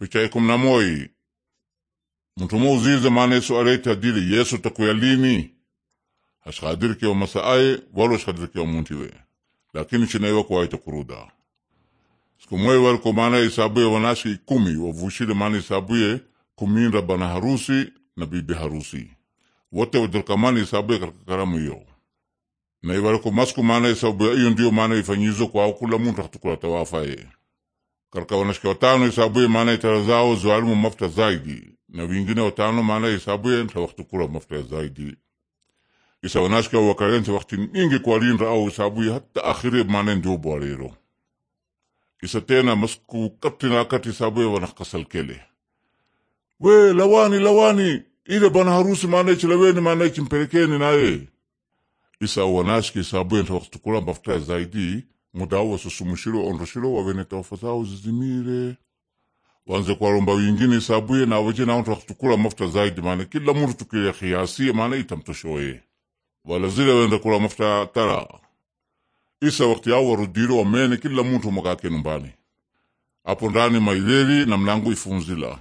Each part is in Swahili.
pichaekumnamoyi mtumu uzize maana yesu areti adili yesu takuyalini ashikadirikewa masaaye walo ashikadirikewa muntiwe lakini chinaiwakuwai takuruda sikumwei waliko maana isabuye wanashki ikumi wavushile maana isabuye kuminra bana harusi na bibi harusi wote wadirkamani isabuye katika karamu hiyo na iwaliko masku maana isabuye iyo ndiyo maana ifanyizwe kwao kula muntu akatukuratawafaye katika wanashika watano hesabuye maana itara zao zwalimu mafuta zaidi na wingine watano maana hesabuye nta wakati kula mafuta ya zaidi isa wakarenti wakti ningi kwa linda au hesabuye hata akhiri maana ndio bwarero isa tena masku kaptina akati hesabuye wanakasal kele we lawani lawani ile bwana harusi maana ichileweni maana ichimpelekeni naye isa wanashike hesabuye nta wakati kula mafuta ya zaidi mudao mudau wasusumushiro ondoshiro waveneta wafatao zizimire wanze kuwaromba wingine isabuye nawoje nao twakutukula mafuta zaidi maana kila mtu tukile kiasie maana itamtoshoe wala zile wenda kula mafuta tara isa wakati yao warudiro wamene kila mtu mwakake numbani apo ndani maileri na mlango ifunzila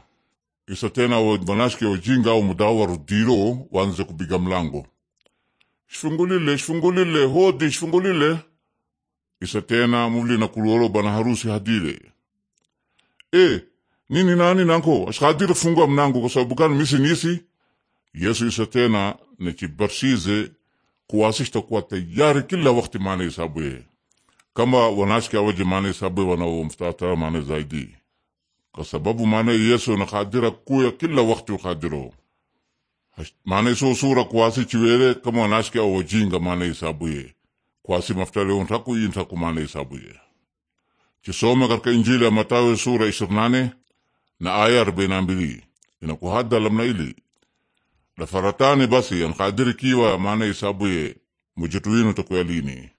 isa tena wanashike wajinga au mudau warudiro wanze kubiga mlango shifungulile shifungulile hodi shifungulile isa tena muli nakulolo bana harusi hadile e nini nani nanko ashkadire fungua mnango kwa sababu gani misi nisi yesu isa tena nachibarsize kuwasishta kuwa tayari kila wakati maana isabuye kama wanashki awaje maana isabuye wanaomfutata maana zaidi kwa sababu maana yesu na nakadira kuya kila wakti ukadiro maana iso sura kuwasi chiwere kama wanashki awajinga maana isabuye kwasi maftale ontaku intaku mane isabuye kisoma katika injili ya matawe sura ishirini na ayar na aya arobaini ku hadda lam lamna ili dafaratani basi yankadiri kiwa mane isabuye mujituwinu takuyalini